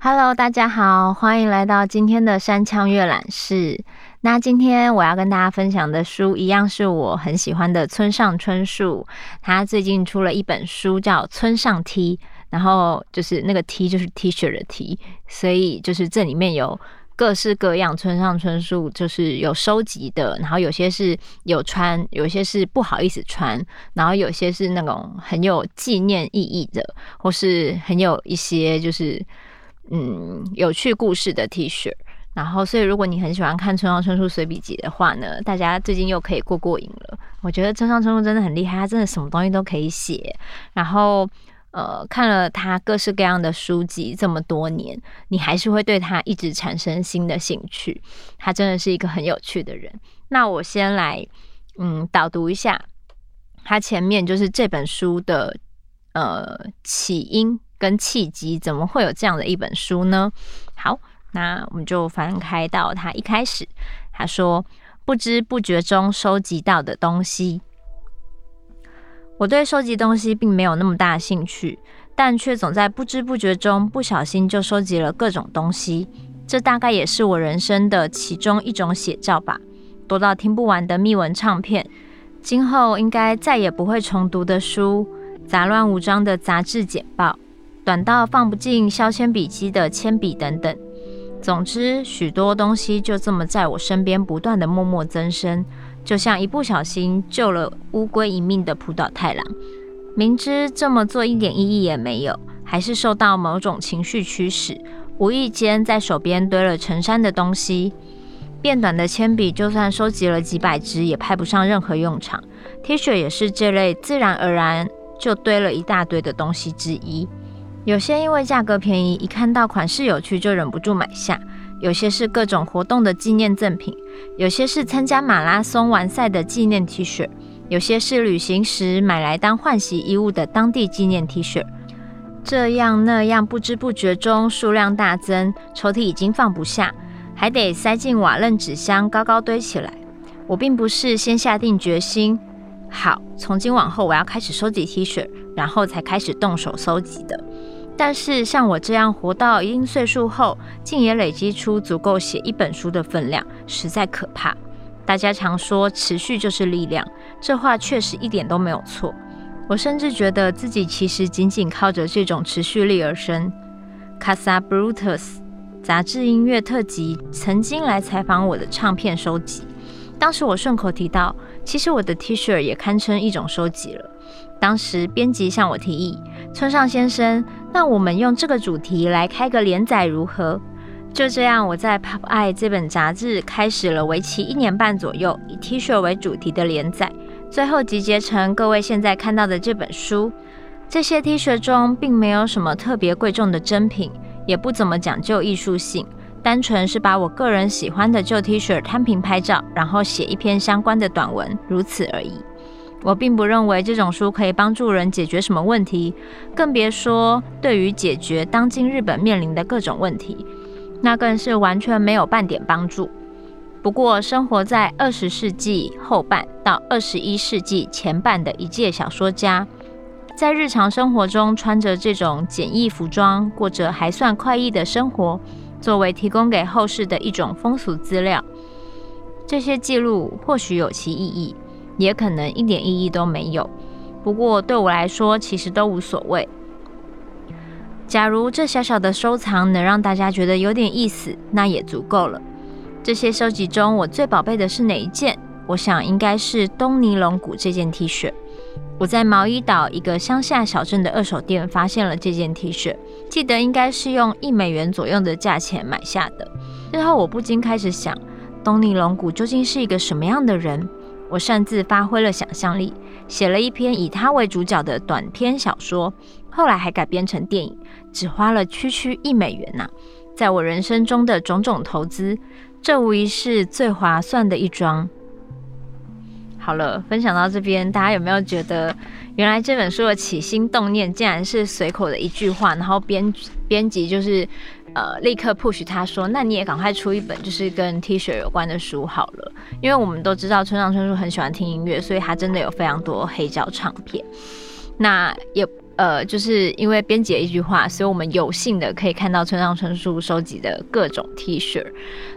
Hello，大家好，歡迎來到今天的山羌閱覽室。那今天我要跟大家分享的書，一樣是我很喜歡的村上春樹。他最近出了一本書，叫《村上 T》，然後就是那個 T 就是 T-shirt 的 T，所以就是這裡面有。各式各樣，村上春樹就是有收集的，然後有些是有穿，有些是不好意思穿，然後有些是那種很有紀念意義的，或是很有一些就是嗯有趣故事的 T 恤。然後，所以如果你很喜歡看村上春樹隨筆集的話呢，大家最近又可以過過癮了。我覺得村上春樹真的很厲害，他真的什麼東西都可以寫，然後。呃，看了他各式各樣的書籍這麼多年，你還是會對他一直產生新的興趣。他真的是一個很有趣的人。那我先來，嗯，導讀一下，他前面就是這本書的呃起因跟契機，怎麼會有這樣的一本書呢？好，那我們就翻開到他一開始，他說不知不覺中收集到的東西。我對收集東西並沒有那麼大興趣，但卻總在不知不覺中不小心就收集了各種東西。這大概也是我人生的其中一種寫照吧。多到聽不完的密紋唱片，今後應該再也不會重讀的書，雜亂無章的雜誌剪報，短到放不進削鉛筆機的鉛筆等等。總之，許多東西就這麼在我身邊不斷的默默增生。就像一不小心救了烏龜一命的浦島太郎，明知這麼做一點意義也沒有，還是受到某種情緒驅使，無意間在手邊堆了成山的東西。變短的鉛筆就算收集了幾百支，也派不上任何用場。T 恤也是這類自然而然就堆了一大堆的東西之一。有些因為價格便宜，一看到款式有趣就忍不住買下。有些是各種活動的紀念贈品，有些是參加馬拉松完賽的紀念 T 恤，有些是旅行時買來當換洗衣物的當地紀念 T 恤。這樣那樣，不知不覺中數量大增，抽屜已經放不下，還得塞進瓦楞紙箱，高高堆起來。我並不是先下定決心，好，從今往後我要開始收集 T 恤，然後才開始動手收集的。但是像我這樣活到一定歲數後，竟也累積出足夠寫一本書的分量，實在可怕。大家常說“持續就是力量”，這話確實一點都沒有錯。我甚至覺得自己其實僅僅靠着這種持續力而生。《Casa Brutus》雜誌音樂特輯曾經來採訪我的唱片收集，當時我順口提到，其實我的 T 恤也堪稱一種收集了。當時編輯向我提議：“村上先生，那我們用這個主題來開個連載如何？”就這樣，我在《POPEYE》這本雜誌開始了為期一年半左右以 T 恤為主題的連載，最後集結成各位現在看到的這本書。這些 T 恤中並沒有什麼特別貴重的珍品，也不怎麼講究藝術性，單純是把我個人喜歡的舊 T 恤攤平拍照，然後寫一篇相關的短文，如此而已。我並不認為這種書可以幫助人解決什麼問題，更別說對於解決當今日本面臨的各種問題，那更是完全沒有半點幫助。不過，生活在二十世紀後半到二十一世紀前半的一介小說家，在日常生活中穿着這種簡易服裝，過着還算快意的生活，作為提供給後世的一種風俗資料，這些記錄或許有其意義。也可能一點意義都沒有，不過對我來說其實都無所謂。假如這小小的收藏能讓大家覺得有點意思，那也足夠了。這些收集中，我最寶貝的是哪一件？我想應該是東尼瀧谷這件 T 恤。我在毛伊島一個鄉下小鎮的二手店發現了這件 T 恤，記得應該是用一美元左右的價錢買下的。之後我不禁開始想，東尼瀧谷究竟是一個什麼樣的人？我擅自發揮了想象力，寫了一篇以他為主角的短篇小說，後來還改編成電影，只花了區區一美元吶、啊！在我人生中的種種投資，這無疑是最划算的一樁。好了，分享到這邊，大家有沒有覺得，原來這本書的起心動念竟然是隨口的一句話，然後編編輯就是。呃，立刻 push 他說：“那你也趕快出一本，就是跟 T 恤有關的書好了。”因為我們都知道村上春樹很喜歡聽音樂，所以他真的有非常多黑膠唱片。那也呃，就是因為編輯了一句話，所以我們有幸的可以看到村上春樹收集的各種 T 恤。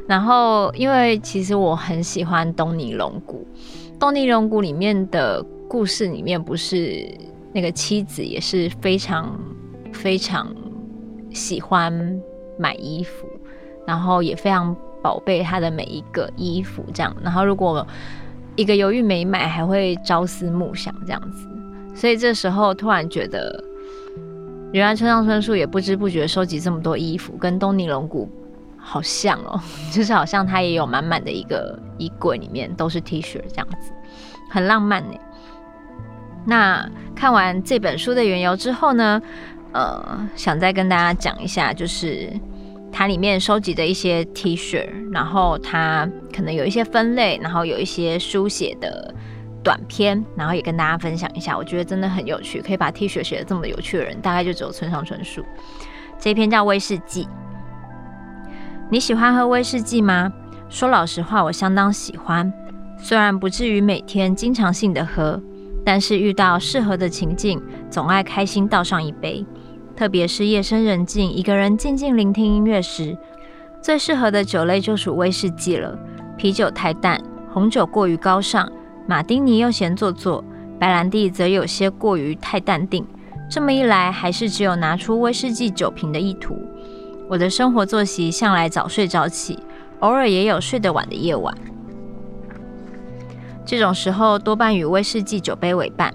然後，因為其實我很喜歡東尼瀧谷，東尼瀧谷裡面的故事裡面，不是那個妻子也是非常非常喜歡。買衣服，然後也非常寶貝他的每一個衣服，這樣。然後如果一個猶豫沒買，還會朝思暮想這樣子。所以這時候突然覺得，原來村上春樹也不知不覺收集這麼多衣服，跟東尼瀧谷好像哦，就是好像他也有滿滿的一個衣櫃，裡面都是 T 恤這樣子，很浪漫欸。那看完這本書的緣由之後呢，呃，想再跟大家講一下，就是它裡面收集的一些 T 恤，然後它可能有一些分類，然後有一些書寫的短篇，然後也跟大家分享一下。我覺得真的很有趣，可以把 T 恤寫得這麼有趣的人，大概就只有村上春樹。這篇叫威士忌。你喜歡喝威士忌嗎？說老實話，我相當喜歡。雖然不至於每天經常性的喝，但是遇到適合的情境，總愛開心倒上一杯。特別是夜深人靜，一個人靜靜聆聽音樂時，最適合的酒類就屬威士忌了。啤酒太淡，紅酒過於高尚，馬丁尼又嫌做作，白蘭地則有些過於太淡定。這麼一來，還是只有拿出威士忌酒瓶的意圖。我的生活作息向來早睡早起，偶爾也有睡得晚的夜晚，這種時候多半與威士忌酒杯為伴。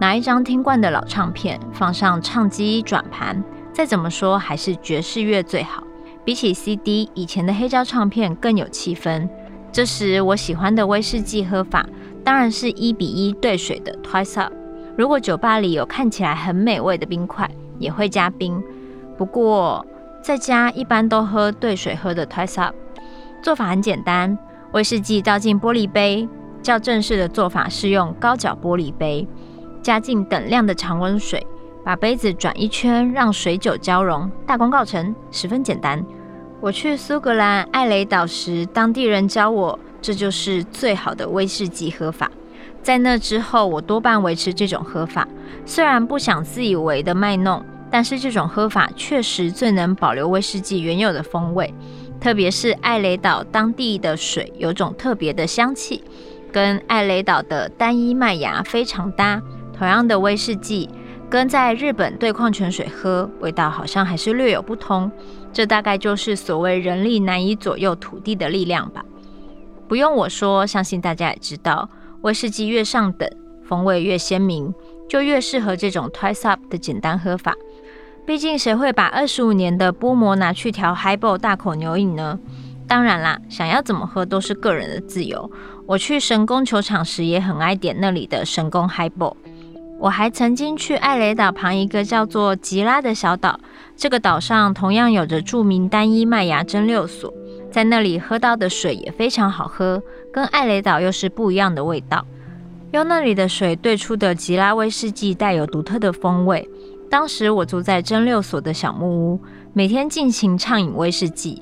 拿一張聽慣的老唱片，放上唱機轉盤。再怎麼說，還是爵士樂最好。比起 CD，以前的黑膠唱片更有氣氛。這時，我喜歡的威士忌喝法，當然是一比一兌水的 Twice Up。如果酒吧裡有看起來很美味的冰塊，也會加冰。不過，在家一般都喝兌水喝的 Twice Up。做法很簡單，威士忌倒進玻璃杯，較正式的做法是用高腳玻璃杯。加進等量的常溫水，把杯子轉一圈，讓水酒交融，大功告成，十分簡單。我去蘇格蘭艾雷島時，當地人教我這就是最好的威士忌喝法。在那之後，我多半維持這種喝法。雖然不想自以為的賣弄，但是這種喝法確實最能保留威士忌原有的風味。特別是艾雷島當地的水有種特別的香氣，跟艾雷島的單一麥芽非常搭。同樣的威士忌，跟在日本兌礦泉水喝，味道好像還是略有不同。這大概就是所謂人力難以左右土地的力量吧。不用我說，相信大家也知道，威士忌越上等，風味越鮮明，就越適合這種 twice up 的簡單喝法。畢竟誰會把二十五年的波摩拿去調 highball 大口牛飲呢？當然啦，想要怎麼喝都是個人的自由。我去神宮球場時也很愛點那裡的神宮 highball。我還曾經去艾雷島旁一個叫做吉拉的小島，這個島上同樣有着著名單一麥芽蒸餾所，在那裡喝到的水也非常好喝，跟艾雷島又是不一樣的味道。用那裡的水兌出的吉拉威士忌帶有獨特的風味。當時我住在蒸餾所的小木屋，每天盡情暢飲威士忌，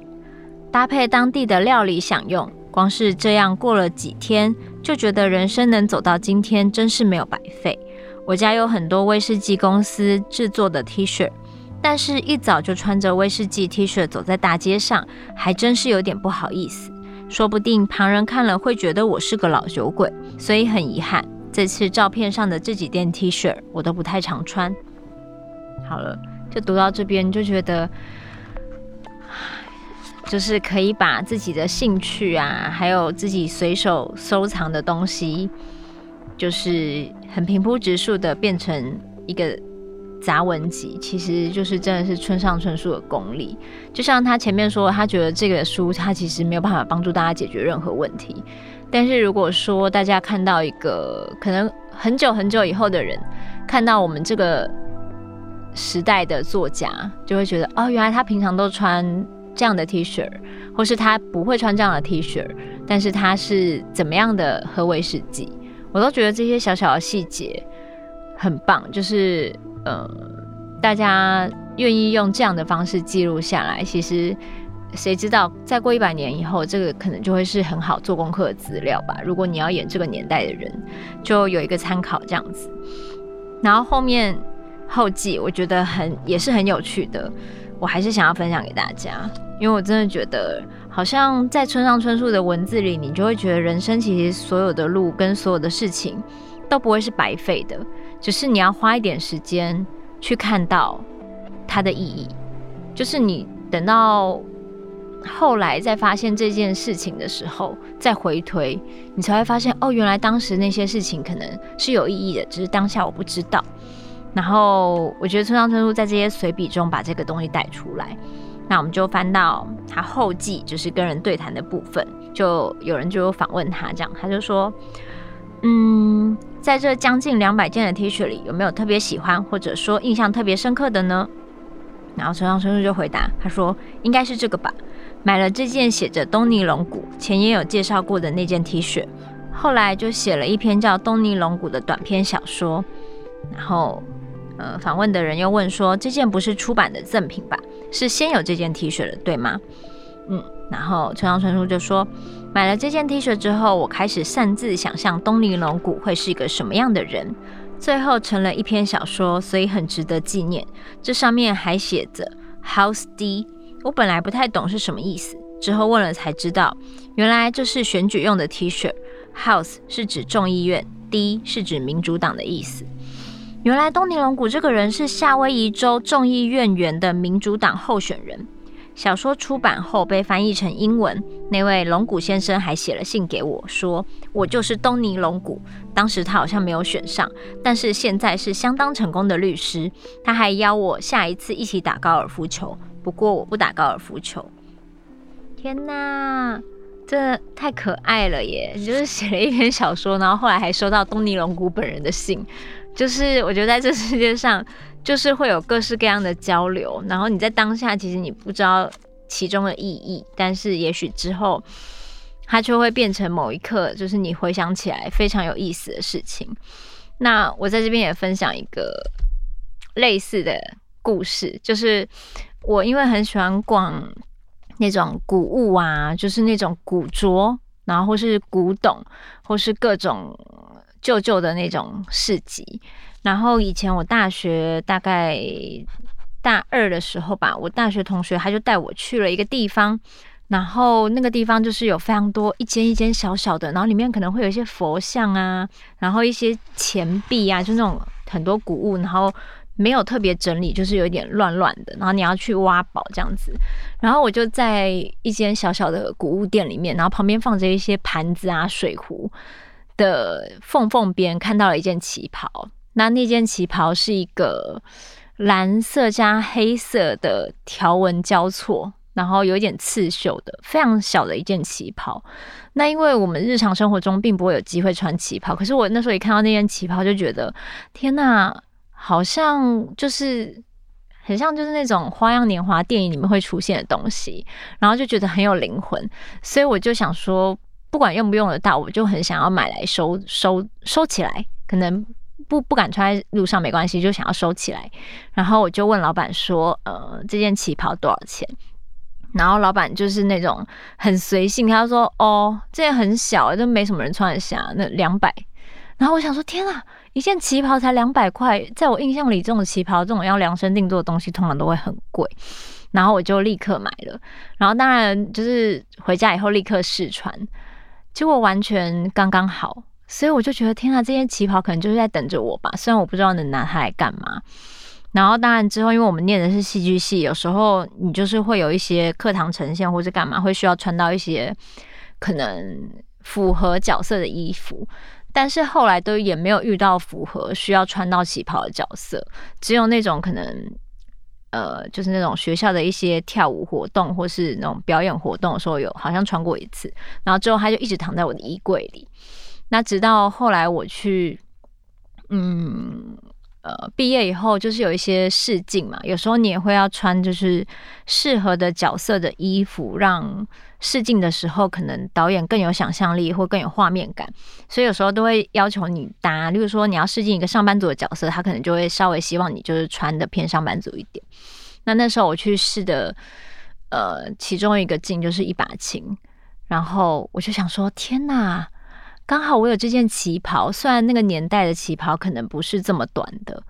搭配當地的料理享用。光是這樣過了幾天，就覺得人生能走到今天，真是沒有白費。我家有很多威士忌公司製作的 T 恤，但是，一早就穿着威士忌 T 恤走在大街上，還真是有點不好意思。說不定旁人看了會覺得我是個老酒鬼，所以很遺憾，這次照片上的這幾件 T 恤我都不太常穿。好了，就讀到這邊就覺得，就是可以把自己的興趣啊，還有自己隨手收藏的東西。就是很平鋪直敘的變成一個雜文集，其實就是真的是村上春樹的功力。就像他前面說，他覺得這個書他其實沒有辦法幫助大家解決任何問題。但是如果說大家看到一個可能很久很久以後的人，看到我們這個時代的作家，就會覺得哦，原來他平常都穿這樣的 T 恤，或是他不會穿這樣的 T 恤，但是他是怎麼樣的何為實際？我都覺得這些小小的細節很棒，就是呃，大家願意用這樣的方式記錄下來。其實，誰知道再過一百年以後，這個可能就會是很好做功課的資料吧？如果你要演這個年代的人，就有一個參考這樣子。然後後面後記，我覺得很也是很有趣的。我還是想要分享給大家，因為我真的覺得，好像在村上春樹的文字裡，你就會覺得人生其實所有的路跟所有的事情都不會是白費的，只是你要花一點時間去看到它的意義。就是你等到後來再發現這件事情的時候，再回推，你才會發現哦，原來當時那些事情可能是有意義的，只是當下我不知道。然後我覺得村上春樹在這些隨筆中把這個東西帶出來，那我們就翻到他後記，就是跟人對談的部分，就有人就訪問他，這樣他就說，嗯，在這將近兩百件的 T 恤裡，有沒有特別喜歡或者說印象特別深刻的呢？然後村上春樹就回答，他說應該是這個吧，買了這件寫着“東尼瀧谷”，前也有介紹過的那件 T 恤，後來就寫了一篇叫《東尼瀧谷》的短篇小說，然後。呃，訪問的人又問說：“這件不是出版的贈品吧？是先有這件 T 恤的，對嗎？”嗯，然後村上春樹就說：“買了這件 T 恤之後，我開始擅自想象東尼瀧谷會是一個什麼樣的人，最後成了一篇小說，所以很值得紀念。這上面還寫着 House D，我本來不太懂是什麼意思，之後問了才知道，原來這是選舉用的 T 恤。House 是指眾議院，D 是指民主黨的意思。”原來東尼瀧谷這個人是夏威夷州眾議院員的民主黨候選人。小說出版後被翻譯成英文，那位瀧谷先生還寫了信給我，說：“我就是東尼瀧谷。”當時他好像沒有選上，但是現在是相當成功的律師。他還邀我下一次一起打高爾夫球，不過我不打高爾夫球。天哪，這太可愛了耶！就是寫了一篇小說，然後後來還收到東尼瀧谷本人的信。就是我覺得在這世界上，就是會有各式各樣的交流，然後你在當下其實你不知道其中的意義，但是也許之後，它就會變成某一刻，就是你回想起來非常有意思的事情。那我在這邊也分享一個類似的故事，就是我因為很喜歡逛那種古物啊，就是那種古着，然後或是古董，或是各種。舊舊的那種市集，然後以前我大學大概大二的時候吧，我大學同學他就帶我去了一個地方，然後那個地方就是有非常多一間一間小小的，然後裡面可能會有一些佛像啊，然後一些錢幣啊，就那種很多古物，然後沒有特別整理，就是有點亂亂的，然後你要去挖寶這樣子。然後我就在一間小小的古物店裡面，然後旁邊放着一些盤子啊、水壺。的縫縫邊看到了一件旗袍，那那件旗袍是一個藍色加黑色的條紋交錯，然後有一點刺繡的，非常小的一件旗袍。那因為我們日常生活中並不會有機會穿旗袍，可是我那時候一看到那件旗袍，就覺得天吶、啊，好像就是很像就是那種《花樣年華》電影裡面會出現的東西，然後就覺得很有靈魂，所以我就想說。不管用不用得到，我就很想要買來收收收起來，可能不不敢穿在路上沒關係，就想要收起來。然後我就問老板說：“呃，這件旗袍多少錢？”然後老板就是那種很隨性，他說：“哦，這件很小，就沒什麼人穿得下，那兩百。”然後我想說：“天啊，一件旗袍才兩百塊，在我印象裡，這種旗袍這種要量身定做的東西，通常都會很貴。”然後我就立刻買了。然後當然就是回家以後立刻試穿。結果完全剛剛好，所以我就覺得天啊，這件旗袍可能就是在等着我吧。雖然我不知道能拿它來幹嘛。然後當然之後，因為我們念的是戲劇系，有時候你就是會有一些課堂呈現或者幹嘛，會需要穿到一些可能符合角色的衣服。但是後來都也沒有遇到符合需要穿到旗袍的角色，只有那種可能。呃，就是那種學校的一些跳舞活動，或是那種表演活動的時候，有好像穿過一次，然後之後他就一直躺在我的衣櫃裡，那直到後來我去，嗯。呃，畢業以後，就是有一些試鏡嘛，有時候你也會要穿就是適合的角色的衣服，讓試鏡的時候可能導演更有想象力或更有畫面感，所以有時候都會要求你搭。例如說你要試鏡一個上班族的角色，他可能就會稍微希望你就是穿的偏上班族一點。那那時候我去試的，呃，其中一個鏡就是一把琴，然後我就想說，天吶！剛好我有這件旗袍，雖然那個年代的旗袍可能不是這麼短的，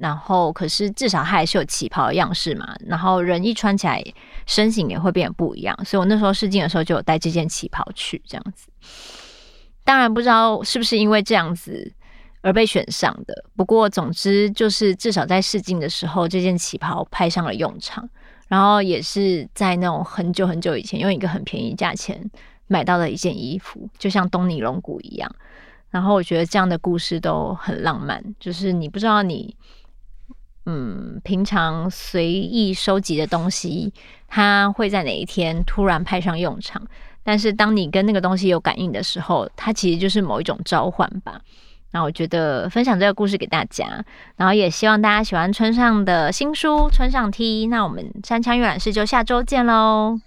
然後可是至少它還是有旗袍的樣式嘛。然後人一穿起來，身形也會變得不一樣。所以我那時候試鏡的時候，就有帶這件旗袍去，這樣子。當然不知道是不是因為這樣子而被選上的，不過總之就是至少在試鏡的時候，這件旗袍派上了用場。然後也是在那種很久很久以前，用一個很便宜的價錢。買到的一件衣服，就像東尼瀧谷一樣。然後我覺得這樣的故事都很浪漫，就是你不知道你，嗯，平常隨意收集的東西，它會在哪一天突然派上用場。但是當你跟那個東西有感應的時候，它其實就是某一種召喚吧。那我覺得分享這個故事給大家，然後也希望大家喜歡村上的新書《村上 T》。那我們山羌閱覽室就下周見嘍。